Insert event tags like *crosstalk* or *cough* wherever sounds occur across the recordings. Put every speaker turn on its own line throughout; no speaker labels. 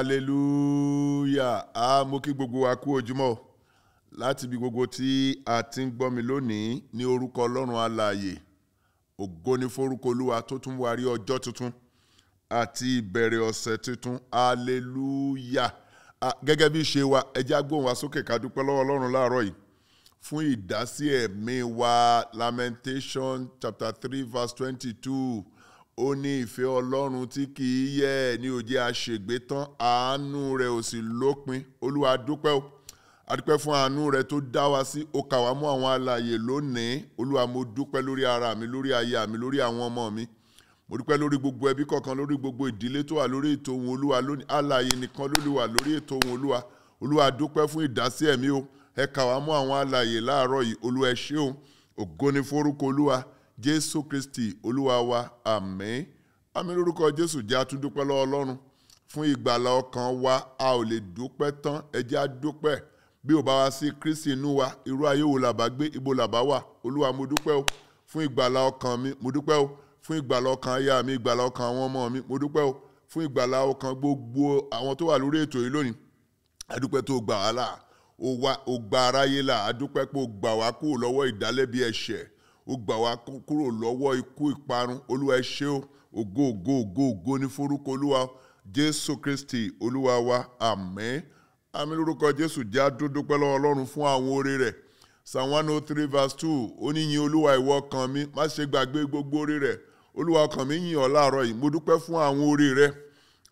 hallelujah a mú kí gbogbo wa kú ojúmọ́ láti ibi gbogbo tí a ti ń gbọ́ mi lónìí ní orúkọ ọlọ́run alààyè ògo ni forúkọ olúwa tó tún wá rí ọjọ́ tuntun àti ìbẹ̀rẹ̀ ọ̀sẹ̀ tuntun hallelujah gẹ́gẹ́ bí ṣe wa ẹ jẹ́ á gbóhùn wa sókè ká dúpẹ́ lọ́wọ́ ọlọ́run láàárọ̀ yìí fún ìdásí ẹ̀mí wa lamentation chapter three verse twenty-two ó ní ìfẹ́ ọlọ́run tí kì í yẹ ẹ̀ ní òjì àṣègbè tán àánú rẹ̀ ò sì lópin olúwa dúpẹ́ o àdúpẹ́ fún àánú rẹ̀ tó dá wa sí ó kà wá mú àwọn alààyè lónìí olúwa mo dúpẹ́ lórí ara mi lórí aya mi lórí àwọn ọmọ mi mo dúpẹ́ lórí gbogbo ẹbí kọ̀ọ̀kan lórí gbogbo ìdílé tó wà lórí ètò ohùn olúwa lónìí alààyè nìkan ló wà lórí ètò ohùn olúwa olúwa dúpẹ́ fún ìdásí ẹ̀mí o ẹ kà wá mú àwọn alààyè láàárọ̀ yìí olúwa ẹ ṣé o ògo ni fórúkọ olúwa jésù kristi olúwa wa àmín àmín lórúkọ jésù jẹ́ àtúndúpẹ́ lọ́wọ́ ọlọ́run fún ìgbàlà ọkàn wa a ò lè dúpẹ́ tán ẹ àdúpẹ́ bí ò bá wá sí kristi inú wa irú ayé wo làbá gbé ibo làbá wà olúwa mo dúpẹ́ o fún ìgbàlà ọkàn mi mo dúpẹ́ o fún ìgbàlà ọkàn aya mi ìgbàlà ọkàn àwọn ọmọ mi mo dúpẹ́ o fún ìgbàlà ọkàn gbogbo àwọn tó wà lórí ètò yìí lónìí adúpẹ́ tó gbà wá là ó gba aráyé là adúpẹ́ pé ó gbà wá kúrò lọ́wọ́ ìdálẹ́bi ẹ̀ṣẹ̀ ó gbà wá kúrò lọ́wọ́ ikú ìparun olúwa ẹ o ògo ògo ògo ògo ní forúkọ olúwa jésù kristi olúwa wa àmín àmín lórúkọ jésù jẹ́ àdúdúpẹ́ lọ́wọ́ ọlọ́run fún àwọn oore rẹ̀ psalm one oh three verse two ó ní yin olúwa ìwọ ọkàn mi má ṣe gbàgbé gbogbo oore rẹ̀ olúwa ọkàn mi yìn ọ́ láàárọ̀ yìí mo dúpẹ́ fún àwọn oore rẹ̀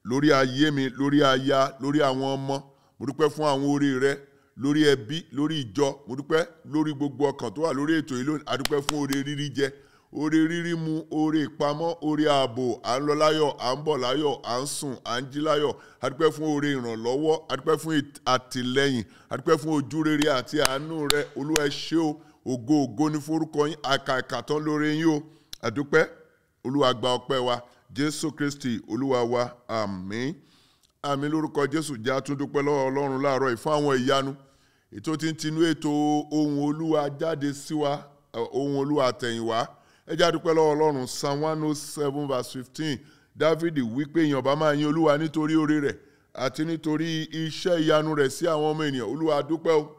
lórí ayé mi lórí aya lórí àwọn ọmọ mo dúpẹ́ fún àwọn oore rẹ̀ lórí ẹbí lórí ìjọ mo dúpẹ́ lórí gbogbo ọkàn tó wà lórí ètò yìí lónìí adúpẹ́ fún oore rírí jẹ oore rírí mu oore ìpamọ́ oore ààbò à ń lọ láyọ̀ à ń bọ̀ láyọ̀ à ń sùn à ń jí láyọ̀ adúpẹ́ fún oore ìrànlọ́wọ́ adúpẹ́ fún àtìlẹ́yìn adúpẹ́ fún ojúrere àti àánú rẹ olúwa ẹ ṣé o ògo ògo ní forúkọ yín àkàkà tán lóore yín o adúpẹ́ olúwa gba ọpẹ́ wa jésù kristi olúwa wa àmín àmín lórúkọ jésù jẹ́ àtúndúpẹ́ lọ́wọ́ ọlọ́run láàárọ̀ ìfún àwọn ìyanu ètò tí ń tinú ètò ohun olúwa jáde sí wa ohun olúwa àtẹ̀yìnwá ẹ jẹ́ àdúpẹ́ lọ́wọ́ ọlọ́run psalm one oh seven verse fifteen dávidi wípé èèyàn bá máa yin olúwa nítorí oore rẹ̀ àti nítorí iṣẹ́ ìyanu rẹ̀ sí àwọn ọmọ ènìyàn olúwa dúpẹ́ o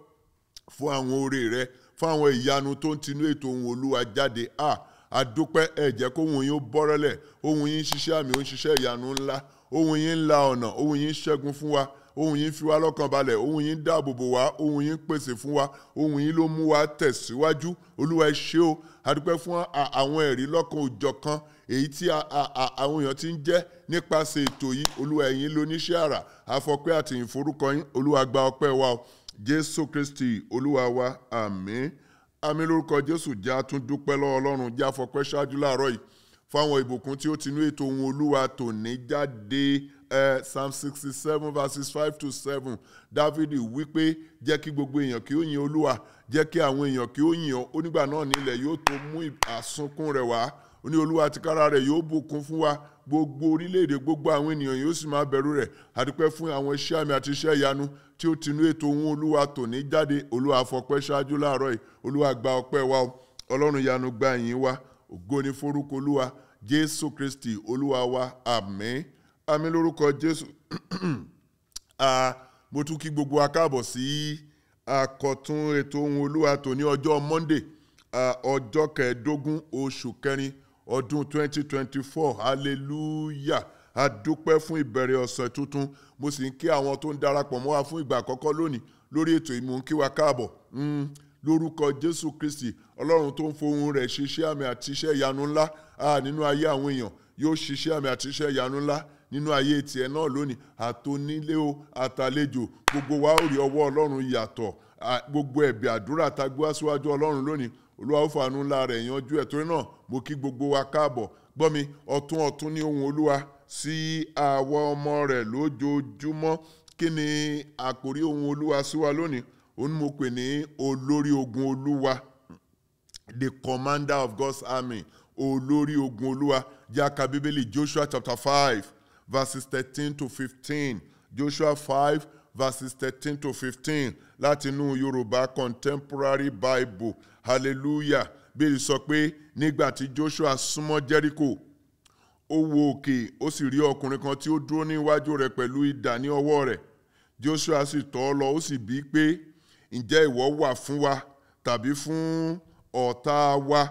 fún àwọn oore rẹ̀ fún àwọn ìyanu tó ń tinú ètò ohun olúwa jáde a àdúpẹ́ ẹ jẹ́ kó ohun yín ó bọ́rẹ́lẹ̀ ohun yín ń ṣiṣẹ́ àmì ó ṣiṣẹ́ ìyanu ńlá ohun yín ń ọ̀nà ohun yín ṣẹ́gun fún wa ohùn yín fi wá lọ́kàn balẹ̀ ohùn yín dáàbò bò wá ohùn yín pèsè fún wa ohùn yín ló mú wa tẹ̀síwájú olúwa ẹ ṣé o adúpẹ́ fún àwọn ẹ̀rí lọ́kan òjọ̀kan èyí tí àwọn èèyàn ti ń jẹ́ nípasẹ̀ ètò yìí olúwa ẹ̀yin lóníṣẹ́ àrà àfọpẹ́ àtìyìn forúkọ yín olúwa gba ọpẹ́ wa o jésù kristi olúwa wa àmín àmín lórúkọ jésù já tún dúpẹ́ lọ́wọ́ ọlọ́run já fọpẹ́ ṣáájú láàárọ̀ yìí fáwọn ìbùkún tí ó tinú ètò ohun olúwa tòní jáde uh, psalm sixty seven verses five to seven dávidi wípé jẹ́ kí gbogbo èèyàn kí ó yin olúwa jẹ́ kí àwọn èèyàn kí ó yin ọ́ onígbà náà nílẹ̀ yóò tó mú àsunkún rẹ̀ wá ó ní olúwa tìkára rẹ̀ yóò bùkún fún wa gbogbo orílẹ̀-èdè gbogbo àwọn ènìyàn yóò sì máa bẹ̀rù rẹ̀ àdúpẹ́ fún àwọn iṣẹ́ àmì àti iṣẹ́ ìyanu tí ó tinú ètò ohun olúwa tòní jáde olúwa fọpẹ́ ṣáájú láàárọ̀ yìí olúwa gba ọpẹ́ wa ọlọ́run ìyanu gba ìyìn wa ògo ni forúkọ olúwa jésù kristi olúwa wa àmín àmín lórúkọ jésù *clears throat* ah, mo tún kí gbogbo akáàbọ̀ sí àkọ́tún ètò ohun olúwa tòní ọjọ́ monday ọjọ́ kẹẹ̀ẹ́dógún oṣù kẹrin ọdún 2024 hallelujah adúpẹ́ fún ìbẹ̀rẹ̀ ọ̀sẹ̀ tuntun mo sì ń kí àwọn tó ń darapọ̀ mọ́ wa fún ìgbà àkọ́kọ́ lónìí lórí ètò ìmú ń kí wa káàbọ̀ hmm, lórúkọ jésù kristi ọlọ́run tó ń fohùn rẹ̀ ṣiṣẹ́ àmì àti iṣẹ́ ìyanu ńlá nínú ayé àwọn èèyàn yóò ṣiṣẹ́ àmì àti iṣẹ́ ìyanu ńlá nínú ayé tiẹ̀ náà lónìí àtònílé o àtàlejò gbogbo wa ó rí ọwọ́ ọlọ́run yàtọ̀ gbogbo ẹ̀bẹ̀ àdúrà tá a gbé wá síwájú ọlọ́run lónìí olúwa ó fàánú ńlá rẹ̀ yanjú ẹ̀ torí náà mo kí gbogbo wa káàbọ̀ gbọ́ mi ọ̀tún ọ̀tún ní ohùn olúwa sí àwa ọmọ rẹ̀ lójoojúmọ́ kí ni àkòrí ohùn olúwa sí lónìí òun mo pè ní olórí ogun olúwa the commander of God's army olórí ogun olúwa jáka bíbélì Joshua chapter five verses 13 to 15, Joshua 5. verses 13 to 15. Latinu Yoruba Contemporary Bible hallelujah bíi sọ pé nígbà tí Joshua súnmọ́ Jericho ó wo òkè ó sì rí ọkùnrin kan tí ó dúró níwájú rẹ̀ pẹ̀lú idà ní ọwọ́ rẹ̀ Joshua sì tọ̀ ọ́ lọ ó sì bíi pé ǹjẹ́ ìwọ wà fún wa tàbí fún ọ̀tá wa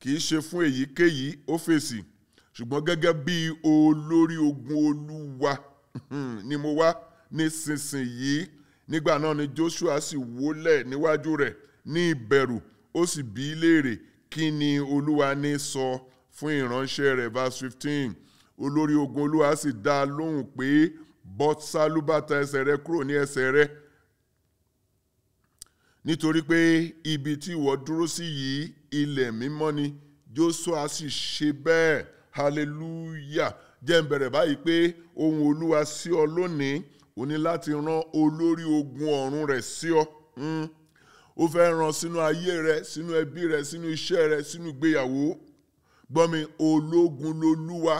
kì í ṣe fún èyíkéyìí ó fèsì ṣùgbọ́n gẹ́gẹ́ bí olórí ogun olúwa ni mo wá nísinsìnyí nígbà náà ni Joshua sì wólẹ̀ níwájú rẹ̀ ní ìbẹ̀rù ó sì bí í léèrè kí ni olúwa ní sọ fún ìránṣẹ́ rẹ̀ verse fifteen olórí ogun olúwa sì dá a lóhùn pé bọ́ sálúbàtà ẹsẹ̀ rẹ kúrò ní ẹsẹ̀ rẹ nítorí pé ibi tí ìwọ dúró sí yìí ilẹ̀ mímọ́ ni Joshua sì ṣe bẹ́ẹ̀ hallelujah jẹ́ n bẹ̀rẹ̀ báyìí pé ohun olúwa sí ọ lónìí o ní láti rán olórí ogun ọ̀run rẹ̀ sí ọ hmm. ó fẹ́ rán sínú ayé rẹ sínú ẹbí rẹ sínú iṣẹ́ rẹ sínú ìgbéyàwó gbọ́mi ológun lolúwa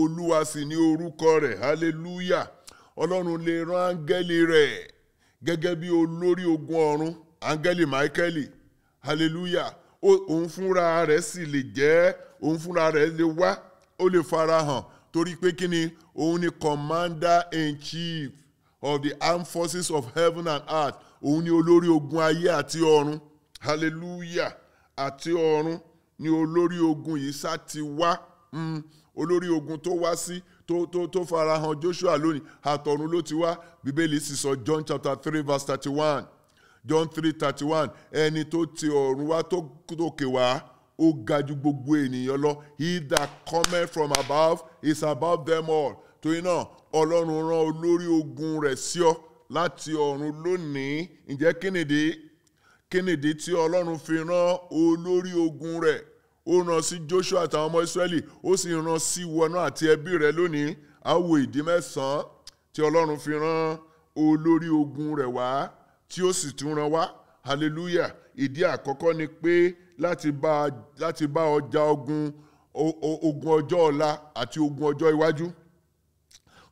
olúwa sì ní orúkọ rẹ̀ hallelujah ọlọ́run lè ran áńgẹ́lì rẹ̀ gẹ́gẹ́ bí olórí ogun ọ̀run áńgẹ́lì máíkẹ́lì hallelujah òun fúnra rẹ̀ sì lè jẹ́ òun fúnra rẹ̀ lè wá ó lè farahàn torí pé kí ni òun ni commander in chief of the armed forces of heaven and earth òun ni olórí ogun ayé àti ọ̀run hallelujah àti ọ̀run ni olórí ogun yìí sá ti wá mm. olórí ogun tó wá sí tó tó tó farahàn Joshua lónìí àtọ̀run ló ti wá bíbélì sì John chapter three verse thirty-one John three thirty one ẹni tó ti ọ̀run wá tó òkè wá ó ga ju gbogbo ènìyàn lọ he that cometh from above is above them all torí náà ọlọ́run rán olórí ogun rẹ̀ sí ọ láti ọ̀run lónìí ǹjẹ́ kínìdí kínìdí tí ọlọ́run fi rán olórí ogun rẹ̀ ó rán sí Joshua àtàwọn ọmọ Israẹli ó sì rán sí wọnà àti ẹbí rẹ̀ lónìí a wo ìdí mẹ́sàn-án tí ọlọ́run fi rán olórí ogun rẹ̀ wá tí ó sì tún rán wá hallelujah ìdí àkọ́kọ́ ni pé láti bá ọjà ogun ogun ọjọ́ ọ̀la àti ogun ọjọ́ iwájú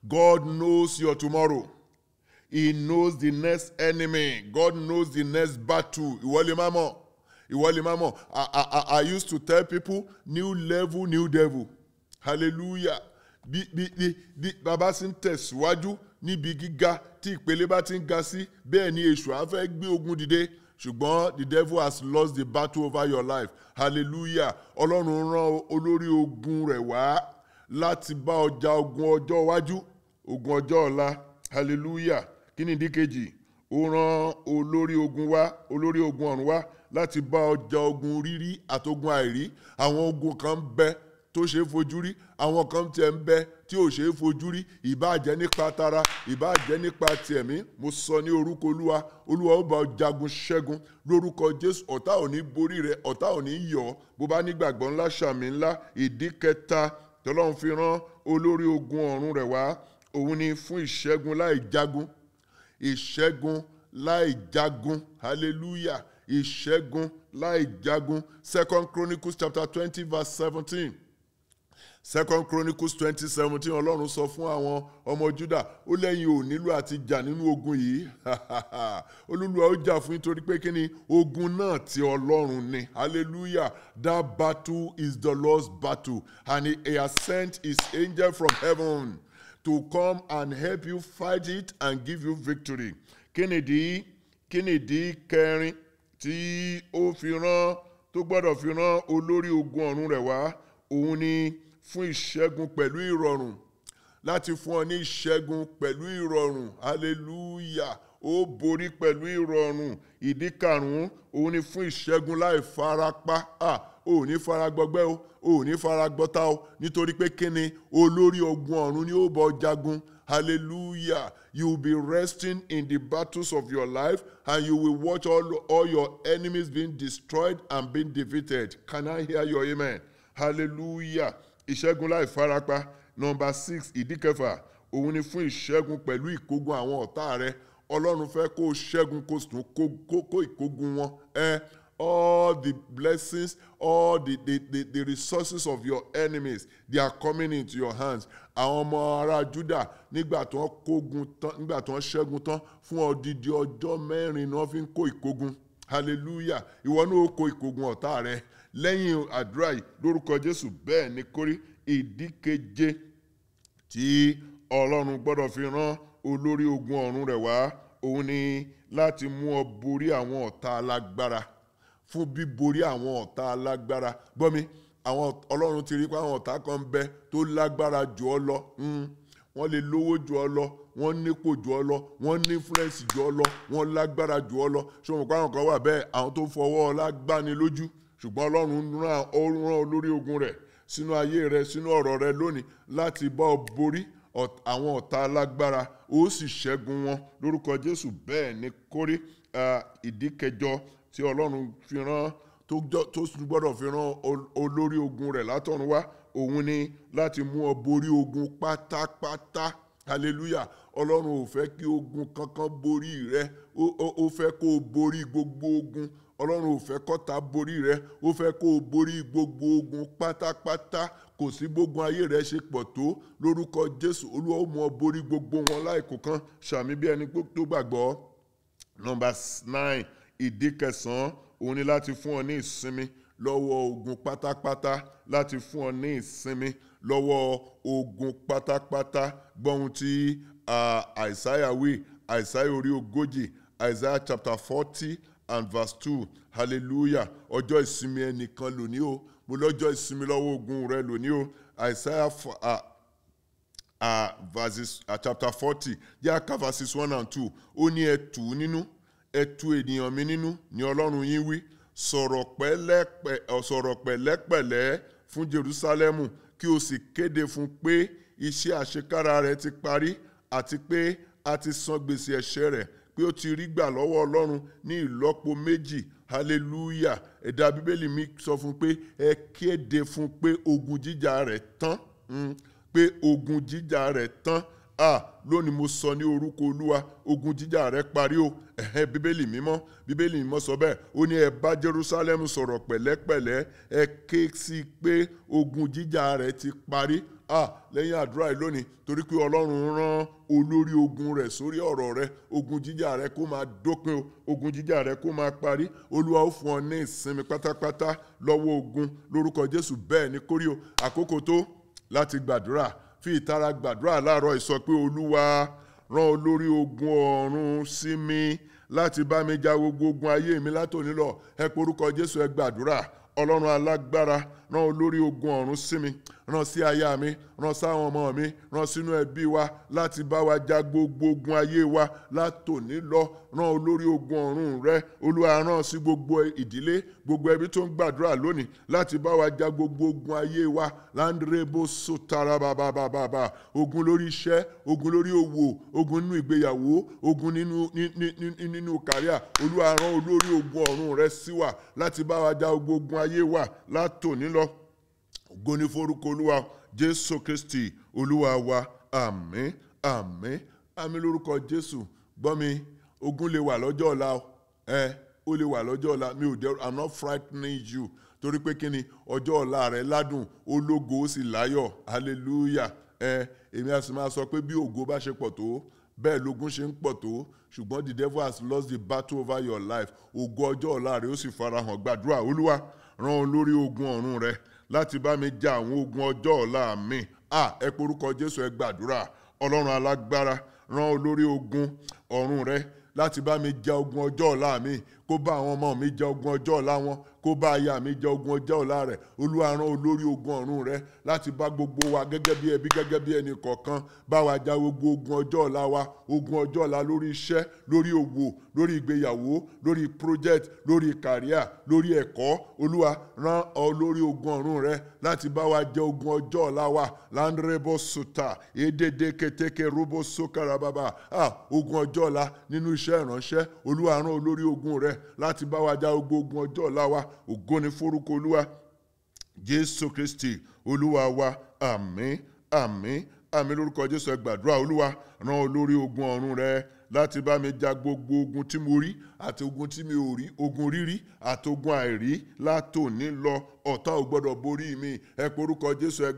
God knows your tomorrow he knows the next enemy God knows the next battle ìwọ lè má mọ̀ I, I, I used to tell people new level new devil hallelujah bí bí bí bàbá sì ń tẹ̀síwájú níbi gíga tí ìpele bá ti ń ga sí bẹ́ẹ̀ ni èṣù á fẹ́ gbé ogun dìde ṣùgbọ́n the devil has lost the battle over your life hallelujah ọlọ́run rán olórí ogun rẹ̀ wá láti bá ọjà ogun ọjọ́ iwájú ogun ọjọ́ ọ̀la hallelujah kí ni ìdí kejì ó rán olórí ogun wá olórí ogun ọ̀run wá láti bá ọjà ogun rírí àtogun àìrí àwọn ogun kan bẹ́ẹ̀ tó ṣeé fojú rí àwọn kan tiẹ̀ ń bẹ tí ò ṣeé fojú rí ìbáàjẹ́ nípa tara ìbáàjẹ́ nípa tẹ̀mí mo sọ ní orúkọ olúwa olúwa ó bá jagun ṣẹ́gun lórúkọ jésù ọ̀tá ò ní borí rẹ ọ̀tá ò ní yọ̀ bó bá nígbàgbọ́ ńlá ṣàmì ńlá ìdí kẹta tọ́lọ́run fi rán olórí ogun ọ̀run rẹ̀ wá òun ni fún ìṣẹ́gun láì jagun ìṣẹ́gun láì jagun hallelujah ìṣẹ́gun láì jagun second chronicles chapter twenty verse seventeen second chronicles twenty seventeen ọlọ́run sọ fún àwọn ọmọ juda ó lẹ́yìn ò nílò àti jà nínú ogun yìí *laughs* olúwa ó jà fún nítorí pé kíni ogun náà ti ọlọ́run ni hallelujah that battle is the lord's battle and he has sent his angel from heaven to come and help you fight it and give you victory kíni ìdí kíni ìdí kẹrin tí ó fi rán tó gbọ́dọ̀ fi rán olórí ogun ọ̀run rẹ̀ wá òun ni. fún ìṣẹ́gun pẹ̀lú ìrọ̀rùn láti fún ọ ní ìṣẹ́gun pẹ̀lú ìrọ̀rùn hallelujah ó borí pẹ̀lú ìrọ̀rùn ìdí karùn-ún òun ni fún ìṣẹ́gun láì farapa ò ní faragbọgbẹ́ o ò ní faragbọ́ta o nítorí pé kíni olórí ogun ọ̀run ni ó bọ̀ jagun hallelujah you will be resting in the battles of your life and you will watch all, all your enemies being destroyed and being defeated can i hear your amen hallelujah. ìṣẹ́gun láì farapa nọ́mbà six ìdí kẹfà òun ni fún ìṣẹ́gun pẹ̀lú ìkógun àwọn ọ̀tá rẹ ọlọ́run fẹ́ kó o ṣẹ́gun kó sùn kó ìkógun wọn ẹ all the blessings all the, the the the resources of your enemies they are coming into your hands àwọn ọmọ ará Júdà nígbà tí wọ́n kógun tán nígbà tí wọ́n ṣẹ́gun tán fún odidi ọjọ́ mẹ́rin ni wọ́n fi ń kó ìkógun hallelujah ìwọ náà ó kó ìkógun ọ̀tá rẹ lẹ́yìn àdúrà yìí lórúkọ Jésù bẹ́ẹ̀ ni kórí ìdíkeje tí Ọlọ́run gbọ́dọ̀ fi rán olórí ogun ọ̀run rẹ̀ wá òun ni láti mú ọ borí àwọn ọ̀tá alágbára fún bíborí àwọn ọ̀tá alágbára gbọ́mi àwọn Ọlọ́run ti rí pé àwọn ọ̀tá kan ń bẹ tó lágbára jù ọ lọ hmm, wọ́n lè lówó jù ọ lọ wọ́n nípò jù ọ lọ wọ́n ní influence jù ọ lọ wọ́n lágbára jù ọ lọ ṣé o mọ̀ pé àwọn kan wà bẹ́ẹ̀ àwọn tó fọwọ́ ọlá gbani lójú ṣùgbọ́n ọlọ́run rán olórí ogun rẹ̀ sínú ayé rẹ sínú ọ̀rọ̀ rẹ lónìí láti bá ọ borí àwọn ọ̀tá alágbára ó sì ṣẹ́gun wọn lórúkọ jésù bẹ́ẹ̀ ni kórí ìdí kẹjọ tí ọlọ́run fi rán tó gbọ́dọ̀ fi rán olórí ogun rẹ̀ látọ̀run wá òun ni láti mú ọ borí ogun pátápátá hallelujah ọlọ́run ò fẹ́ kí ogun kankan borí rẹ ó fẹ́ kó o borí gbogbo ogun ọlọ́run ò fẹ́ kọ́ta borí rẹ ó fẹ́ kó o borí gbogbo ogun pátápátá kò sí gbógun ayé rẹ ṣe pọ̀ tó lórúkọ jésù olúwa ó mú ọ borí gbogbo wọn láìkó kan ṣàmì bí ẹni tó gbàgbọ́ nọ́mbà nine ìdí kẹsàn-án òun ni láti fún ọ ní ìsinmi lọ́wọ́ ogun pátápátá láti fún ọ ní ìsinmi lọ́wọ́ ogun pátápátá gbọ́hun tí àìsáyà ah, wí àìsáyà orí ogójì àìsáyà chapter forty and verse two hallelujah ọjọ́ ìsinmi ẹnìkan lónìí o mo lọ́jọ́ ìsinmi lọ́wọ́ ogun rẹ lónìí o isaiah uh, uh, verses, uh, chapter forty jẹ́ àká verses one and two ó ní ẹ tù ú nínú ẹ tù ènìyàn mi nínú ni ọlọ́run yín wí sọ̀rọ̀ pẹ̀lẹ́pẹ̀lẹ́ fún jerusalemu kí o sì kéde fún pé iṣẹ́ àṣekára rẹ̀ ti parí àti pé a ti san gbèsè ẹ̀ṣẹ̀ rẹ̀ pé ó ti rí gbà lọ́wọ́ ọlọ́run ní ìlọ́po méjì hallelujah ẹ̀dá bíbélì mi sọ fún pé ẹ kéde fún pé ogun jíjà rẹ̀ tán hmm. pé ogun jíjà rẹ̀ tán ah lónìí mo sọ ní orúkọ olúwa ogun jíjà rẹ̀ parí o ẹ̀hẹ́n bíbélì mímọ́ bíbélì mímọ́ sọ bẹ́ẹ̀ ó ní ẹ bá jerusalem sọ̀rọ̀ pẹ̀lẹ́pẹ̀lẹ́ ẹ ké sí i pé ogun jíjà rẹ̀ ti parí ah lẹ́yìn àdúrà yìí lónìí torí pé ọlọ́run rán olórí ogun rẹ̀ sórí ọ̀rọ̀ rẹ ogun jíjà rẹ kó máa dópin o ogun jíjà rẹ kó máa parí olúwa ó fún ọ ní ìsinmi pátápátá lọ́wọ́ ogun lórúkọ jésù bẹ́ẹ̀ ni kórí o àkókò tó láti gbàdúrà fi ìtara gbàdúrà láàárọ̀ ìsọ pé olúwa rán olórí ogun ọ̀run sí mi láti bá mi ja gbogbo ogun ayé mi látòní lọ ẹ porúkọ jésù ẹ gbàdúrà ọlọ́run alágbára rán olórí ogun ọ̀run sí mi rán sí aya mi rán sáwọn ọmọ mi rán sínú ẹbí wa láti bá wa ja gbogbo ogun ayé wa látòní lọ rán olórí ogun ọ̀run rẹ olúwa rán sí gbogbo ìdílé gbogbo ẹbí tó ń gbàdúrà lónìí láti bá wa ja gbogbo ogun ayé wa láńdírébó sotara bàbàbàbà ogun lórí iṣẹ́ ogun lórí òwò ogun nínú ìgbéyàwó ogun nínú nínú kàríà olúwa rán olórí ogun ọ̀run rẹ sí wa láti bá wa ja gbogbo ogun ayé wa látòní lọ ògo ni forúkọ olúwa jésù kristi olúwa wa àmín àmín àmín lórúkọ jésù gbọ́ mi ogun lè wà lọ́jọ́ ọ̀la ẹ ó lè wà lọ́jọ́ ọ̀la mi ò dẹ́rù i'm not frightening you torí pé kí ni ọjọ́ ọ̀la rẹ ládùn ológo ó sì láyọ̀ hallelujah ẹ èmi a sì máa sọ pé bí ògo bá ṣe pọ̀ tó bẹ́ẹ̀ lógun ṣe ń pọ̀ tó ṣùgbọ́n the devil has lost the battle over your life ògo ọjọ́ ọ̀la rẹ ó sì farahàn gbàdúrà olúwa ràn án lórí ogun ọ̀run rẹ láti bá mi ja àwọn ogun ọjọ́ ọ̀la mi à ẹ porúkọ Jésù ẹ gbàdúrà ọlọ́run alágbára rán olórí ogun ọ̀run rẹ láti bá mi ja ogun ọjọ́ ọ̀la mi kó bá àwọn ọmọ mi jẹ ogun ọjọ́ ọ̀la wọn kó bá aya mi jẹ ogun ọjọ́ ọ̀la rẹ̀ olúwa rán olórí ogun ọ̀run rẹ̀ láti bá gbogbo wa gẹ́gẹ́ bí ẹbí gẹ́gẹ́ bí ẹnì kọ̀ọ̀kan bá wa jà gbogbo ogun ọjọ́ ọ̀la wa ogun ọjọ́ ọ̀la lórí iṣẹ́ lórí òwò lórí ìgbéyàwó lórí project lórí kàríà lórí ẹ̀kọ́ olúwa rán olórí ogun ọ̀run rẹ̀ láti bá wa jẹ ogun ọjọ́ ọ̀la wa landrebo suta, edede keteke robo sokarababa ah ogun ọjọ́ ọ̀la nínú iṣẹ́ ìránṣẹ́ olúwa rán olórí ogun rẹ̀ láti bá wa já ogbó ogun ọjọ́ ọ̀la wa ògo ni forúkọ olúwa jésù kristi olúwa wa àmín àmín àmín lórúkọ jésù ẹ gbàdúrà olúwa rán olórí ogun ọ̀run rẹ láti bá mi ja gbogbo ogun tí mo rí àti ogun tí mi ò rí ogun rírí àti ogun àìrí látòní lọ ọ̀tá ò gbọ́dọ̀ borí mi ẹ porúkọ jésù ẹ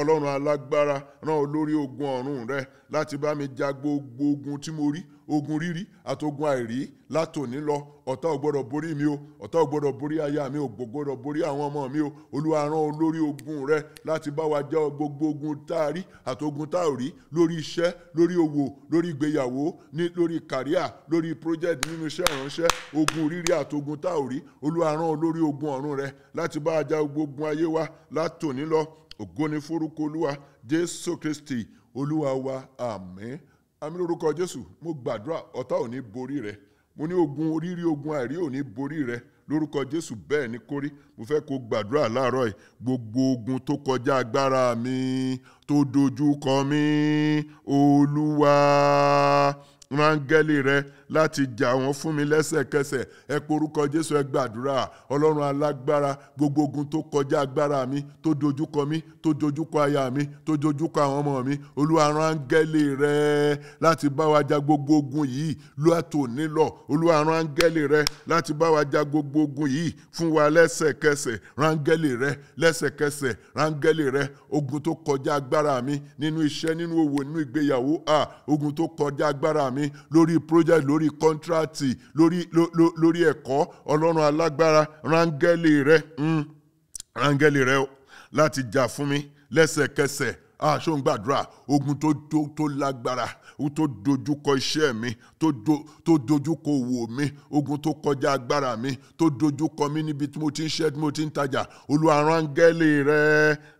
ọlọ́run alágbára rán olórí ogun ọ̀run rẹ láti bá mi ja gbogbo ogun tí mo rí ogun rírí àtogun àìrí látòní lọ ọ̀tá ò gbọ́dọ̀ borí mi o ọ̀tá ò gbọ́dọ̀ borí aya mi o kò gbọ́dọ̀ borí àwọn ọmọ mi o olúwa rán olórí ogun rẹ láti bá wa já gbogbo ogun tá a rí àtogun tá a rí lórí iṣẹ́ lórí òwò lórí ìgbéyàwó ní lórí kàríà lórí project nínú iṣẹ́ ìránṣẹ́ ogun rírí àtogun tá a rí olúwa rán olórí ogun ọ̀run rẹ láti bá a já gbogbo ayé wa látòní lọ ògo ni forúkọ olúwa jésù kristi olúwa wa àmín àmín lórúkọ jésù mo gbàdúrà ọ̀tá ò ní borí rẹ mo ní ogun oríire ogun àìrí ò ní borí rẹ lórúkọ jésù bẹ́ẹ̀ ni kórí mo fẹ́ kó gbàdúrà láàárọ̀ yìí gbogbo ogun tó kọjá agbára mi tó dojú kọ mi olúwa rángẹ́lì rẹ láti jà wọ́n fún mi lẹ́sẹ̀kẹsẹ̀ ẹ porúkọ jésù ẹ gbàdúrà ọlọ́run alágbára gbogbo ogun tó kọjá agbára mi tó dojúkọ mi tó dojúkọ aya mi tó dojúkọ àwọn ọmọ mi olúwa rángẹ́lì rẹ láti bá wa jà gbogbo ogun yìí lóà tó nílọ olúwa rángẹ́lì rẹ láti bá wa jà gbogbo ogun yìí fún wa lẹ́sẹ̀kẹsẹ̀ rángẹ́lì rẹ lẹ́sẹ̀kẹsẹ̀ rángẹ́lì rẹ ogun tó kọjá agbára mi nínú iṣẹ́ nínú òwò nínú ìgbéyàwó a ogun tó kọjá mi mi lórí project lórí contract lórí lórí ẹ̀kọ́ ọlọ́run alágbára rángẹ́lì rẹ mm, rángẹ́lì rẹ láti jà fún mi lẹ́sẹ̀kẹsẹ̀ aṣọ ah, ń gbàdúrà ogun tó tó tó lágbára tó dojúkọ iṣẹ́ mi tó dojúkọ òwò mi ogun tó kọjá agbára mi tó dojúkọ mi níbi tí mo ti ń ṣẹ́ tí mo ti ń tajà olúwa rángẹ́lì rẹ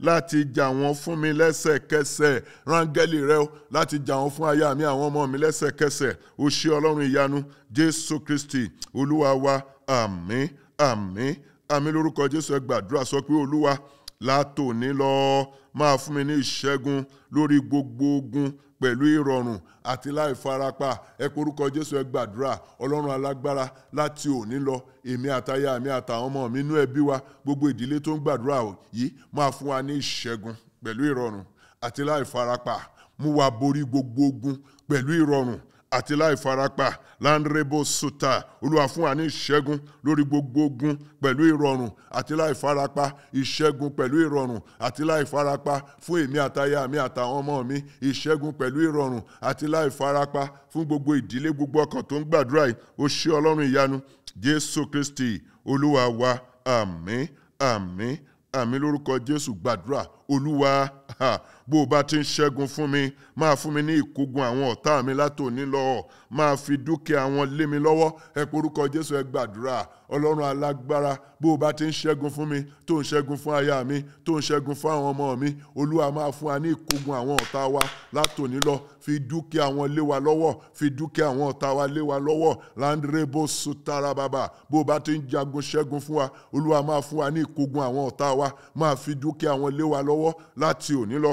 láti jà wọ́n fún mi lẹ́sẹ̀kẹsẹ̀ rángẹ́lì rẹ láti jà wọ́n fún aya mi àwọn ọmọ mi lẹ́sẹ̀kẹsẹ̀ o ṣé ọlọ́run ìyanu jésù kristi olúwa wa àmín àmín àmín lórúkọ jésù ẹ gbàdúrà sọ pé olúwa látòní lọ máa fún mi ní ìṣẹ́gun lórí gbogbo ogun pẹ̀lú ìrọ̀rùn àti láì farapa ẹ pe orúkọ jésù ẹ gbàdúrà ọlọ́run alágbára láti òní lọ èmi àtaya mi àtàwọn ọmọ mi inú ẹbí wa gbogbo ìdílé tó ń gbàdúrà yìí máa fún wa ní ìṣẹ́gun pẹ̀lú ìrọ̀rùn àti láì farapa mú wa borí gbogbo ogun pẹ̀lú ìrọ̀rùn àti láì farapa lánrebo suta olúwa fún wa ní ìṣẹ́gun lórí gbogbo ogun pẹ̀lú ìrọ̀rùn àti láì farapa ìṣẹ́gun pẹ̀lú ìrọ̀rùn àti láì farapa fún èmi àtaya mi àtàwọn ọmọ mi ìṣẹ́gun pẹ̀lú ìrọ̀rùn àti láì farapa fún gbogbo ìdílé gbogbo ọkàn tó ń gbàdúrà yìí ó ṣe ọlọ́run ìyanu jésù kristi olúwa wa àmín àmín àmín lórúkọ jésù gbàdúrà olúwa ha bó o bá ti ń ṣẹ́gun fún mi máa fún mi ní ìkógun àwọn ọ̀tá mi látòní lọ́wọ́ máa fi dúkìá wọn lé mi lọ́wọ́ ẹ porúkọ Jésù ẹ gbàdúrà ọlọ́run alágbára bó o bá ti ń ṣẹ́gun fún mi tó ń ṣẹ́gun fún aya mi tó ń ṣẹ́gun fún àwọn ọmọ mi olúwa máa fún wa ní ìkógun àwọn ọ̀tá wa látòní lọ fi dúkìá wọn lé wa lọ́wọ́ fi dúkìá àwọn ọ̀tá wa lé wa lọ́wọ́ láńdírébó sutara bàbà bó o bá ti ń jagun ṣẹ́gun fún wa olúwa máa fún wa ní ìkógun àwọn ọ̀tá wa máa fi dúkìá wọn lé wa lọ́wọ́ láti òní lọ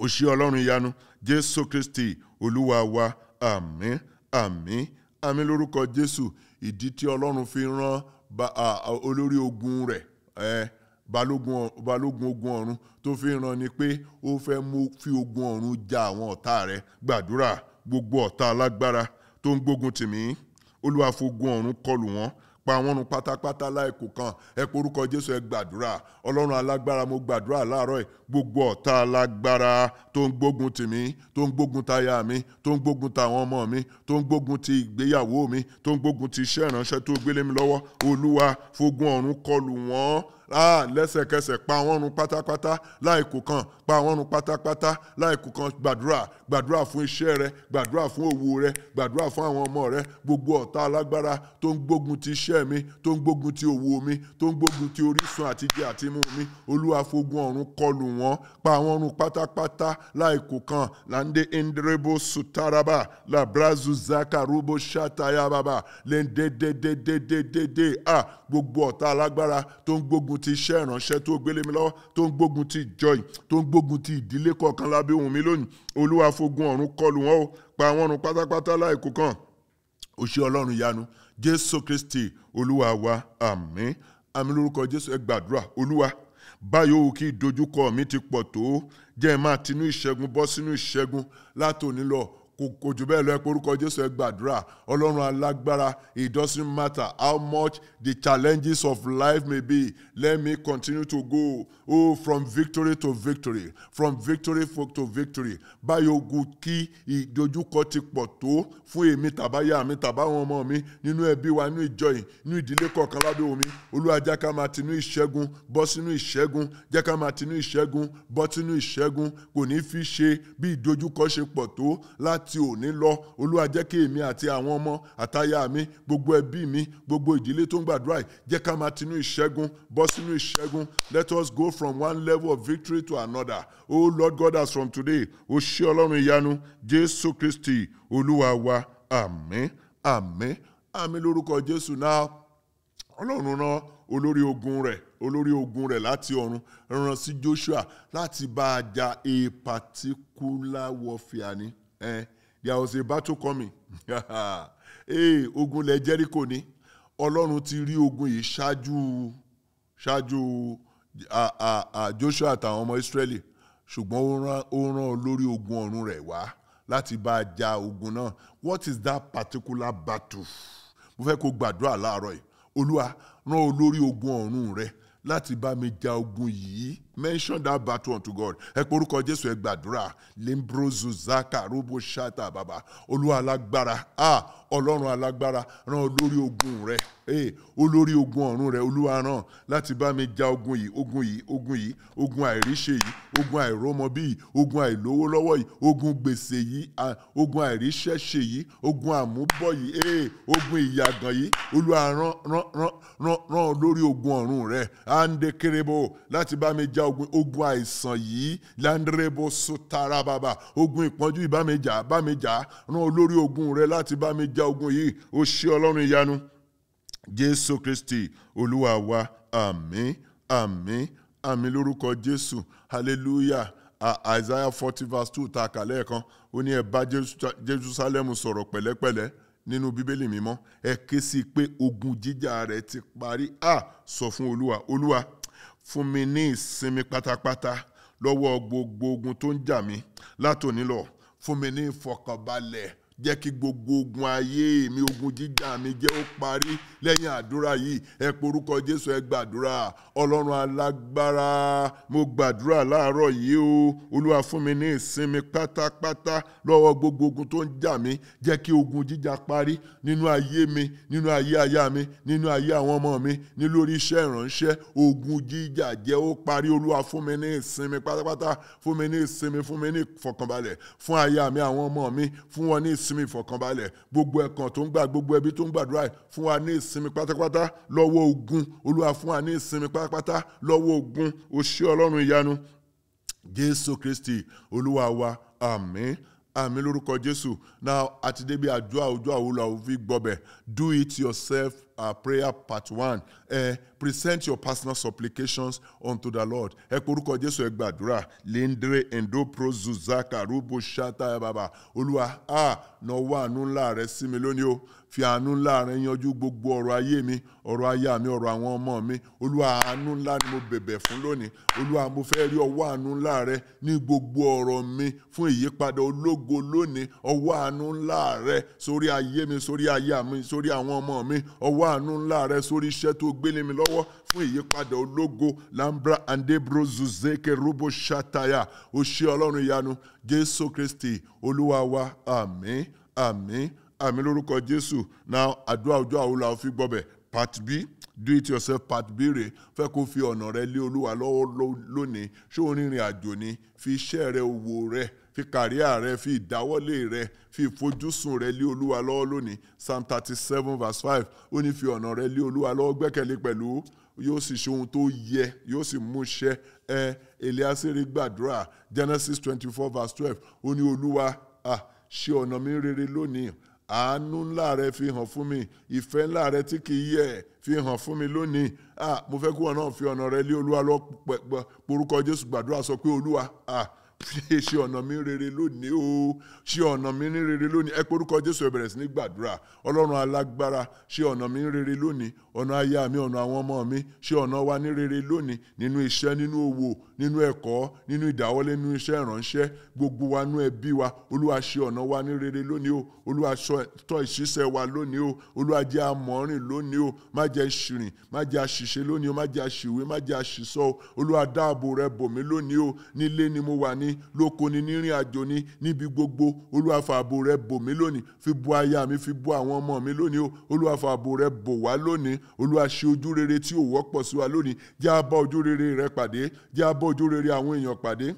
ó ṣe ọlọ́run ìyanu jésù kristi olúwa wa àmín àmín àmín lórúkọ jésù ìdí tí ọlọ́run fi rán olórí ogun rẹ̀ ẹ̀ balógun balógun ogun ọ̀run tó fi rán ni pé ó fẹ́ mú fi ogun ọ̀run ja àwọn ọ̀tá rẹ̀ gbàdúrà gbogbo ọ̀tá alágbára tó ń gbógun tì mí olúwa fogun ọ̀run kọlù wọ́n pa wọ́n run pátápátá láìkó kan ẹ pe orúkọ jésù ẹ gbàdúrà ọlọ́run alágbára mo gbàdúrà láàárọ̀ ẹ̀ gbogbo ọ̀tá alágbára tó ń gbógun tì mí tó ń gbógun táyà mi tó ń gbógun táwọn ọmọ mi tó ń gbógun ti ìgbéyàwó mi tó ń gbógun ti iṣẹ́ ìránṣẹ́ tó gbélé mi lọ́wọ́ olúwa fogun ọ̀run kọlù wọ́n ah lẹ́sẹ̀kẹsẹ̀ pa àwọn run pátápátá láì kù kan pa àwọn run pátápátá láì kù kan gbàdúrà gbàdúrà fún iṣẹ́ rẹ gbàdúrà fún òwò rẹ gbàdúrà fún àwọn ọmọ rẹ gbogbo ọ̀tá alágbára tó ń gbógun ti iṣẹ́ mi tó ń gbógun ti òwò mi tó ń gbógun ti orísun àtijẹ àtimú mi olúwa fogun ọ̀run kọlù wọ́n pa àwọn run pátápátá láì kù kan lande indrebo sutaraba labrazu zakarubo shatayababa lendededededede ah gbogbo ọ̀tá alágbára tó ń gbógun ti iṣẹ́ ìránṣẹ́ tó gbélé mi lọ́wọ́ tó ń gbógun ti ìjọ yìí tó ń gbógun ti ìdílé kọ̀ọ̀kan lábẹ́ ohùn mi lónìí olúwa fogun ọ̀run kọlù wọn o pa àwọn ọ̀run pátápátá láìkó kan òṣè ọlọ́run yanu jésù kristi olúwa wa àmín àmín lórúkọ jésù ẹ gbàdúrà olúwa báyòówù kí ìdojúkọ mi ti pọ̀ tó jẹ́ ẹ máa tinú ìṣẹ́gun bọ́ sínú ìṣẹ́gun látòní lọ kò jù bẹ́ẹ̀ lọ ẹ pé Jésù ẹ gbàdúrà ọlọ́run alágbára it doesn't matter how much the challenges of life may be let me continue to go oh from victory to victory from victory to victory báyọ̀ ogun kí ìdojúkọ ti pọ̀ tó fún èmi tàbáyà mi tàbáwọn ọmọ mi nínú ẹbí wa nínú ìjọ yìí nínú ìdílé kọ̀ọ̀kan lábẹ́ omi olúwa jẹ́ ká máa tinú ìṣẹ́gun bọ́ sínú ìṣẹ́gun jẹ́ ká máa tinú ìṣẹ́gun bọ́ sínú ìṣẹ́gun kò ní fi ṣe bí ìdojúkọ ṣe pọ̀ tó láti láti òní lọ olúwa jẹ́ kí èmi àti àwọn ọmọ àtaya mi gbogbo ẹbí mi gbogbo ìdílé tó ń gbàdúrà jẹ́ ká máa tinú ìṣẹ́gun bọ́ sínú ìṣẹ́gun let us go from one level of victory to another oh lord god as from today o ṣé ọlọ́run ìyanu jésù kristi olúwa wa àmín àmín àmín lórúkọ jésù náà ọlọ́run rán olórí ogun rẹ̀ olórí ogun rẹ̀ láti ọ̀run rán sí joshua láti bá a jà a particular warfare ni eh, there was a battle coming hey, *laughs* eh, ogun lẹ Jẹ́ríkò ni ọlọ́run ti rí ogun yìí ṣáájú ṣáájú Joshua àtàwọn ọmọ Israẹli ṣùgbọ́n ó rán ó rán ogun ọ̀run rẹ̀ wá láti bá a ja ogun náà what is that particular battle mo fẹ́ kó gbàdúrà láàárọ̀ yìí olúwa rán olórí ogun ọ̀run rẹ̀ láti bá mi ja ogun yìí mention that battle unto God ẹ pe orúkọ Jésù ẹ gbàdúrà lembrozu zaka robo shata baba olúwa alágbára ah ọlọ́run alágbára ràn olórí ogun rẹ ee olórí ogun ọ̀run rẹ olúwa ràn láti bá mi ja ogun yìí ogun yìí ogun yìí ogun àìríṣe yìí ogun àìrómọbí yìí ogun àìlówó lọ́wọ́ yìí ogun gbèsè yìí ogun àìríṣẹ́ṣe yìí ogun àmúbọ̀ yìí eh ogun ìyàgàn yìí olúwa ràn ràn ràn ràn olórí ogun ọ̀run rẹ à ń de kérébó láti bá mi ja ja ogun ogun àìsàn yìí landrebo sotara baba ogun ìpọ́njú ìbámijà bámijà rán olórí ogun rẹ láti bámijà ogun yìí ó ṣe ọlọ́run ìyanu jésù kristi olúwa wa àmín àmín àmín lórúkọ jésù hallelujah isaiah forty verse two ta kàlẹ́ kan ó ní ẹ bá jerusalem sọ̀rọ̀ pẹ̀lẹ́pẹ̀lẹ́ nínú bíbélì mímọ́ ẹ ké sí i pé ogun jíjà rẹ̀ ti parí a sọ fún olúwa olúwa fún mi ní ìsinmi pátápátá lọ́wọ́ gbogbo ogun tó ń jà mí látòní lọ fún mi ní ìfọkànbalẹ̀ jẹ́ kí gbogbo ogun ayé mi ogun jíjà mi jẹ́ ó parí lẹ́yìn àdúrà yìí ẹ porúkọ jésù ẹ gbàdúrà ọlọ́run alágbára mo gbàdúrà láàárọ̀ yìí o olúwa fún mi ní ìsinmi pátápátá lọ́wọ́ gbogbo ogun tó ń jà mí jẹ́ kí ogun jíjà parí nínú ayé mi nínú ayé aya mi nínú ayé àwọn ọmọ mi ní lórí iṣẹ́ ìránṣẹ́ ogun jíjà jẹ́ ó parí olúwa fún mi ní ìsinmi pátápátá fún mi ní ìsinmi fún mi ní ìfọ̀kànbalẹ̀ fún aya mi àwọn ọmọ mi fún wọn ní ìsinmi ìsinmi ìfọ̀kànbalẹ̀ gbogbo ẹ̀kan tó ń gbà gbogbo ẹbí tó ń gbàdúrà fún wa ní ìsinmi pátápátá lọ́wọ́ ogun olúwa fún wa ní ìsinmi pátápátá lọ́wọ́ ogun ó ṣé ọlọ́run ìyanu jésù kristi olúwa wa àmín àmín lórúkọ jésù náà àti débi àjọ àwùjọ àwòlò àwòfi gbọbẹ do it yourself our prayer part one ẹ present your personal supplications unto the lord ẹ jésù ẹ gbàdúrà lendre endoprozuzaka rubo shata baba olúwa a nọwọ́ àánú ńlá rẹ sí mi lónìí o fi àánú ńlá rẹ yanjú gbogbo ọ̀rọ̀ ayé mi ọ̀rọ̀ aya mi ọ̀rọ̀ àwọn ọmọ mi olúwa àánú ńlá ni mo bẹ̀bẹ̀ fún lónìí olúwa mo fẹ́ rí ọwọ́ àánú ńlá rẹ ní gbogbo ọ̀rọ̀ mi fún ìyípadà ológo lónìí ọwọ́ àánú ńlá rẹ sórí ayé mi sórí aya mi sórí àwọn ọmọ mi ọwọ́ àánú ńlá rẹ sórí iṣẹ́ tó gbélé mi lọ́wọ́ fún ìyípadà ológo lambra andebro zuzeke robo shataya ó ọlọ́run ìyanu jésù kristi olúwa wa àmín àmín àmín lórúkọ jésù now àdúrà ọjọ́ àwọn la fi gbọ́bẹ̀ part b do it yourself part b rè fẹ́ kó fi ọ̀nà rẹ lé olúwa lọ́wọ́ lónìí ṣó rìnrìn àjò ni fi iṣẹ́ rẹ owó rẹ fi kàríà rẹ fi ìdáwọ́lé rẹ fi ìfojúsùn rẹ lé olúwa lọ́wọ́ lónìí psalm thirty seven verse five ó ní fi ọ̀nà rẹ lé olúwa lọ́wọ́ gbẹ́kẹ̀lé pẹ̀lú yóò sì ṣe ohun tó yẹ yóò sì mú ṣẹ ẹ eliasere gbàdúrà genesis twenty four verse twelve ó ní olúwa ṣe ọ̀nà mi rere lónìí àánú ńlá rẹ fi hàn fún mi ìfẹ́ ńlá rẹ tí kì í yẹ̀ fi hàn fún mi lónìí ah mo fẹ́ kí wọn náà fi ọ̀nà rẹ lé olúwa lọ pẹ̀pẹ̀ porúkọ jésù gbàdúrà sọ pé olúwa ah *laughs* ṣe ọ̀nà mi rere lónìí o ṣe ọ̀nà mi ní rere lónìí ẹ porúkọ jésù ẹ bẹ̀rẹ̀ sí ní gbàdúrà ọlọ́run alágbára ṣe ọ̀nà mi rere lónìí ọ̀nà aya mi ọ̀nà àwọn ọmọ mi ṣe ọ̀nà wa ní rere lónìí nínú iṣẹ́ nínú òwò nínú ẹ̀kọ́ nínú ìdáwọ́lé nínú iṣẹ́ ìránṣẹ́ gbogbo wa nú ẹbí wa olúwa ṣe ọ̀nà wa ní rere lónìí o olúwa tọ́ ìṣiṣẹ́ wa lónìí o olúwa jẹ́ amọ̀ọ́rìn lónìí o má jẹ́ ṣìrìn má jẹ́ àṣìṣe lónìí o má jẹ́ àṣìwé má jẹ́ àṣìsọ o olúwa dáàbò rẹ bò mí lónìí o nílé ni mo wà ní lóko ni nírìn àjò ni níbi gbogbo olúwa fààbò rẹ bò mí lónìí fi bo aya mi fi bo àwọn ọmọ mi lónìí o olúwa fààbò rẹ bò wá lónìí olúwa ṣe ojú rere tí ojú rere àwọn èèyàn pàdé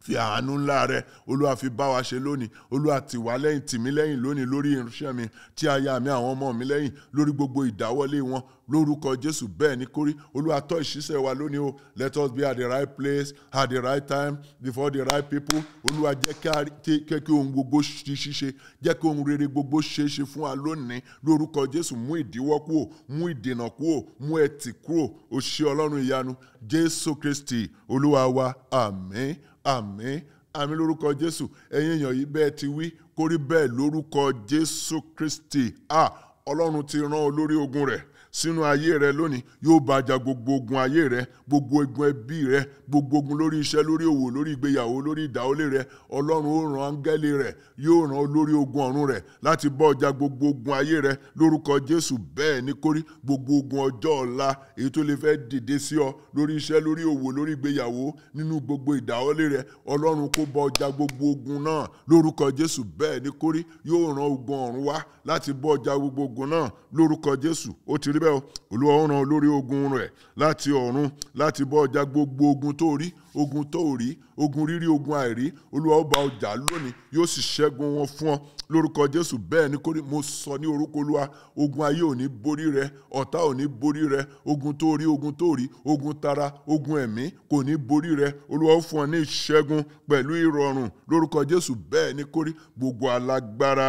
fi àánú ńlá rẹ olúwa fi bá wa ṣe lónìí olúwa tì wá lẹ́yìn tì mí lẹ́yìn lónìí lórí irinṣẹ́ mi tí aya mi àwọn ọmọ mi lẹ́yìn lórí gbogbo ìdáwọ́lé wọn lórúkọ jésù bẹ́ẹ̀ ni kórí olúwa tọ́ ìṣiṣẹ́ wa lónìí o let us be at the right place at the right time before the right people olúwa jẹ́ kí ohun gbogbo ti ṣiṣe jẹ́ kí ohun rere gbogbo ṣe é ṣe fún wa lónìí lórúkọ jésù mú ìdíwọ́ kúò mú ìdènà kúò mú ẹtì kúò òṣì ọlọ́run ìyanu jésù kristi olúwa wa àmín àmín àmín lórúkọ jésù ẹ̀yin èèyàn yìí bẹ́ẹ̀ ti wí kórí bẹ́ẹ̀ lórúkọ jésù kristi a ọlọ́run ti rán olórí ogun rẹ̀ sínú ayé rẹ lónìí yóò bá ja gbogbo ogun ayé rẹ gbogbo ogun ẹbí rẹ gbogbo ogun lórí iṣẹ́ lórí òwò lórí ìgbéyàwó lórí ìdáwọlé rẹ Ọlọ́run ó ran áńgẹ́lì rẹ yóò ran olórí ogun ọ̀run rẹ láti bọ́ ja gbogbo ogun ayé rẹ lórúkọ Jésù bẹ́ẹ̀ ní kórí gbogbo ogun ọjọ́ ọ̀la èyí tó lè fẹ́ dìde sí ọ lórí iṣẹ́ lórí òwò lórí ìgbéyàwó nínú gbogbo ìdáwọlé rẹ Ọlọ́run kó bọ́ ja gbogbo ogun náà lórúkọ Jésù bẹ́ẹ̀ ní kórí yóò ran ogun ọ̀run wá láti bọ́ ja gbogbo ogun náà lórúkọ Jésù ó ti rí síbẹ̀ o olúwa ó rán olórí ogun rẹ̀ láti ọ̀run láti bọ́ ọjà gbogbo ogun tó rí ogun tó rí ogun rírí ogun àìrí olúwa ó bá ọjà lónìí yóò sì ṣẹ́gun wọn fún ọ lórúkọ jésù bẹ́ẹ̀ ni kórìí mo sọ ní orúkọ olúwa ogun ayé ò ní borí rẹ ọ̀tá ò ní borí rẹ ogun tó rí ogun tó rí ogun tara ogun ẹ̀mí kò ní borí rẹ olúwa ó fún ọ ní ìṣẹ́gun pẹ̀lú ìrọ̀rùn lórúkọ jésù bẹ́ẹ̀ ni kórìí gbogbo alágbára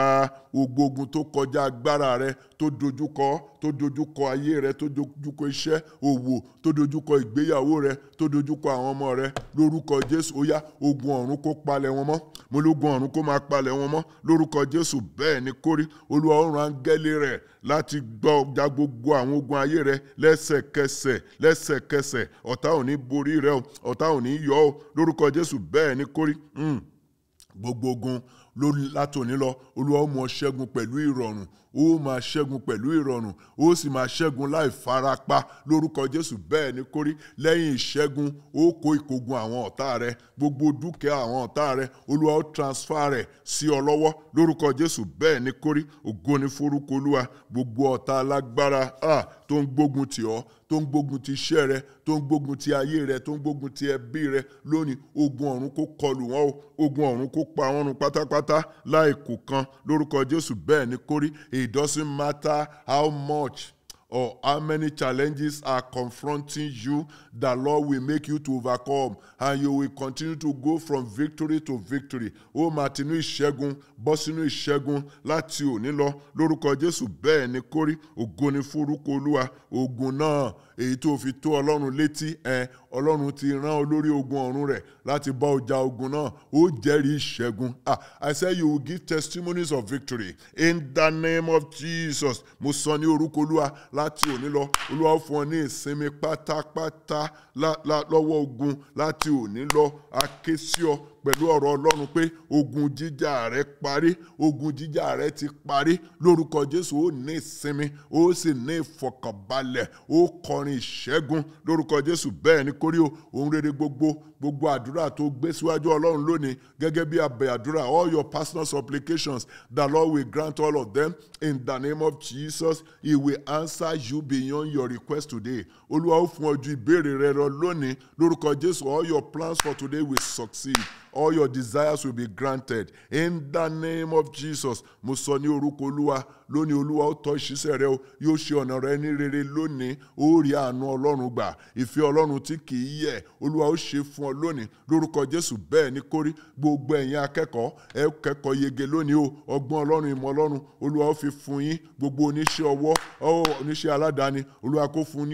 gbogbo ogun tó kọjá agbára rẹ tó dojúkọ tó dojúkọ ayé rẹ tó dojúkọ iṣẹ́ òwò tó dojúkọ ìgbéyàwó rẹ tó dojúkọ àwọn ọmọ rẹ lórúkọ Jésù ó yá ogun ọ̀run kó palẹ̀ wọn mọ́ mo lógun ọ̀run kó máa palẹ̀ wọn mọ́ lórúkọ Jésù bẹ́ẹ̀ ni kórí Olúwa ó rán áńgẹ́lì láti gbọ́ ja gbogbo àwọn ogun ayé rẹ lẹ́sẹ̀kẹsẹ̀ lẹ́sẹ̀kẹsẹ̀ ọ̀tá ò ní borí rẹ o ọ̀tá ò ní yọ o lórúkọ Jésù bẹ́ẹ̀ ni kórí hmm, gbogbo ogun ló látòní lọ Olúwa ó mú ọ ṣẹ́gun pẹ̀lú ìrọ̀rùn ó máa ṣẹ́gun pẹ̀lú ìrọ̀rùn ó sì máa ṣẹ́gun láì farapa lórúkọ Jésù bẹ́ẹ̀ ni kórí lẹ́yìn ìṣẹ́gun ó kó ìkógun àwọn ọ̀tá rẹ gbogbo dúkìá àwọn ọ̀tá rẹ olúwa ó transfer rẹ̀ sí ọ lọ́wọ́ lórúkọ Jésù bẹ́ẹ̀ ni kórí ògo ni forúkọ olúwa gbogbo ọ̀tá alágbára ah, tó ń gbógun tì ọ́ tó ń gbógun ti iṣẹ́ rẹ tó ń gbógun ti ayé rẹ tó ń gbógun ti ẹbí rẹ lónìí ogun ọ̀run kó kọlù wọn o ogun ọ̀run kó pa wọn run pátápátá láì kù kan lórúkọ Jésù bẹ́ẹ̀ ni kórí It doesn't matter how much or how many challenges are confronting you, the Lord will make you to overcome, and you will continue to go from victory to victory. Ó oh, Martinu ishegun, Bosinu ishegun, láti òní lọ lórúkọ Jésù bẹ́ẹ̀ ni kórí ògo ni forúkọ Olúwa ogun náà èyí tó fi tó Ọlọ́run létí ẹ Ọlọ́run ti rán olórí ogun ọ̀run rẹ̀ láti bá ọjà ogun náà ó jẹ́rìí ìṣẹ́gun. Ah, I say you will give testimonies of victory in the name of Jesus. Mo sọ ní orúkọ láti òní lọ olúwa fún ọ ní ìsinmi pátápátá lọ́wọ́ ogun láti òní lọ a sí ọ pẹ̀lú ọ̀rọ̀ ọlọ́run pé ogun jíjà rẹ parí ogun jíjà rẹ ti parí lórúkọ jésù ó ní ìsinmi ó sì ní ìfọ̀kànbalẹ̀ ó kọrin ìṣẹ́gun lórúkọ jésù bẹ́ẹ̀ ni kórí ohun rere gbogbo gbogbo àdúrà tó gbé síwájú ọlọ́run lónìí gẹ́gẹ́ bí abẹ àdúrà all your personal supplications the lord will grant all of them in the name of jesus he will answer answer you beyond your request today. Olúwa ó fún ọ ju ìbéèrè rẹ lọ lónìí lórúkọ Jésù all your plans for today will succeed all your desires will be granted in the name of Jesus mo sọ ní orúkọ olúwa lónìí olúwa ó tọ́ ìṣiṣẹ́ rẹ o yóò ṣe ọ̀nà rẹ ní rere lónìí ó rí àánú ọlọ́run gbà ìfẹ́ ọlọ́run tí kì í yẹ̀ olúwa ó ṣe fún ọ lónìí lórúkọ jésù bẹ́ẹ̀ ni kórí gbogbo ẹ̀yin akẹ́kọ̀ọ́ ẹ kẹ́kọ̀ọ́ yege lónìí o ọgbọ́n ọlọ́run ìmọ̀ ọlọ́run olúwa ó fi fún yín gbogbo oníṣẹ́ ọwọ́ oníṣẹ́ aládàáni olúwa kó fún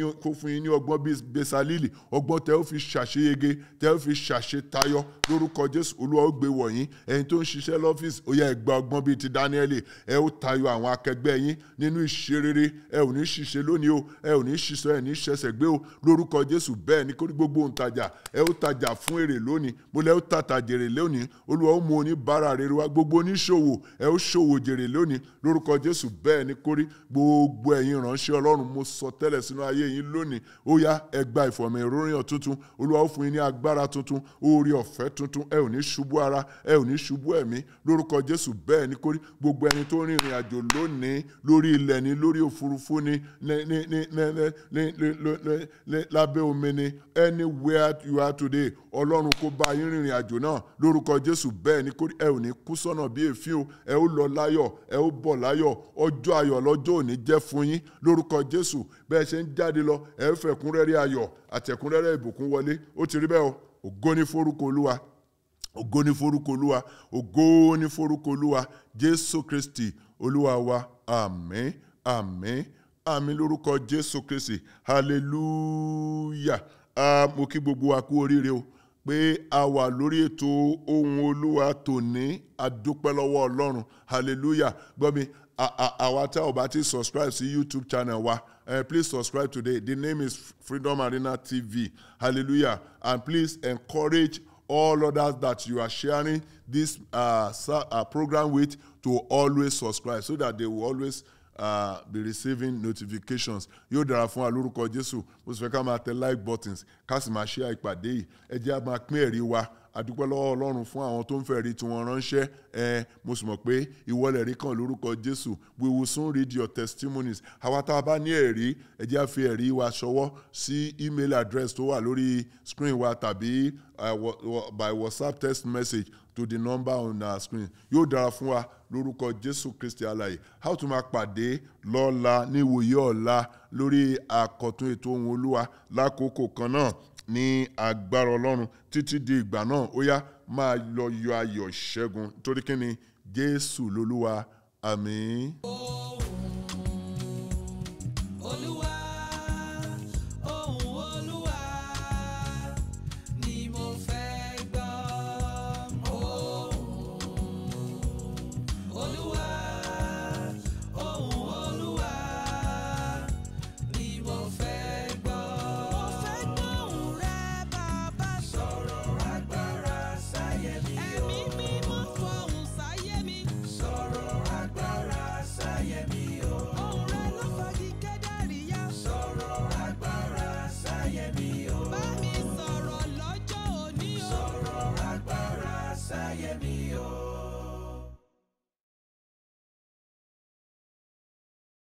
yín ní ọgbọ́n bíi besalili ọgbọ́n tẹ́ ó fi ṣàṣeyege tẹ́ ó fi ṣàṣetayọ lórúkọ orúkọ jésù olúwa ó gbé wọ̀nyí ẹ̀yin tó ń ṣiṣẹ́ lọ́fíìsì ó yẹ ẹ gba ọgbọ́n bíi ti dáníẹ́lì ẹ ó tayọ àwọn akẹgbẹ́ yín nínú ìṣerere ẹ ò ní ṣiṣẹ́ lónìí o ẹ ò ní ṣiṣẹ́ ẹ ní ṣẹṣẹ̀ gbé o lórúkọ jésù bẹ́ẹ̀ ni kórí gbogbo òǹtajà ẹ ó tajà fún èrè lónìí mo lẹ́ ó tàtà jèrè lónìí olúwa ó mú oníbàárà rere wá gbogbo oníṣòwò ẹ ó ṣòwò jèrè lónìí lórúkọ jésù bẹ́ẹ̀ ni kórí gbogbo ẹ̀yin ìránṣẹ́ ọlọ́run mo sọ tẹ́lẹ̀ sínú ayé yín lónìí ó yá ẹ gba ìfọ̀mọ̀ ìròyìn tuntun olúwa ó fún yín ní agbára tuntun oore ọ̀fẹ́ tuntun ẹ ẹ ò ní ṣubú ara ẹ ò ní ṣubú ẹ̀mí lórúkọ Jésù bẹ́ẹ̀ ni kórí gbogbo ẹni tó rìnrìn àjò lónìí lórí ilẹ̀ ni lórí òfurufú ni lábẹ́ omi ni anywhere you are today Ọlọ́run kó bá yín rìnrìn àjò náà lórúkọ Jésù bẹ́ẹ̀ ni kórí ẹ ò ní kú sọ́nà bí èéfín o ẹ ó lọ láyọ̀ ẹ ó bọ̀ láyọ̀ ọjọ́ ayọ̀ lọ́jọ́ òní jẹ́ fún yín lórúkọ Jésù bẹ́ẹ̀ ṣe ń jáde lọ ẹ fẹ̀kúnrẹ́rẹ́ ayọ̀ àtẹ̀kúnrẹ́rẹ́ ìbùkún wọlé ó ti rí bẹ́ẹ̀ o ògo ni fórúkọ Olúwa ògo ni forúkọ olúwa ògo ni forúkọ olúwa jésù kristi olúwa wa àmín àmín àmín lórúkọ jésù kristi hallelujah a mo kí gbogbo wa kú oríire o pé a wà lórí ètò ohun olúwa tòní adúpẹ́ ọlọ́run hallelujah gbọ́ mi àwa tá ò bá ti subscribe sí youtube channel wa uh, please subscribe today the name is freedom arena tv hallelujah and please encourage all others that you are sharing this uh, uh, program with to always subscribe so that they will always uh, be receiving notifications yóò dára fún wa lórúkọ jésù mo sì fẹ́ ká máa tẹ like buttons ká sì máa share ìpàdé yìí ẹ jẹ́ á máa pín ẹ̀rí wa àdúpẹ́ lọ́wọ́ ọlọ́run fún àwọn tó ń fẹ́ rí tiwọn ránṣẹ́ ẹ mo sì mọ̀ pé ìwọlẹ̀ rí kan lórúkọ jésù we will soon read your testimonies àwa tá a bá ní ẹ̀rí ẹ jẹ́ a ẹ̀rí wa ṣọwọ́ sí email address tó wà lórí screen wa tàbí uh, by whatsapp text message to the number on our screen yóò dára fún wa lórúkọ jésù kristi alààyè a ó tún máa pàdé lọ́la ní ìwòye ọ̀la lórí àkọ́tún ètò ohun olúwa lákòókò kan náà ní agbára ọlọ́run títí di ìgbà náà ó yá máa lọ yọ ayọ̀ ṣẹ́gun torí kí ni jésù lolúwa àmín. Oh.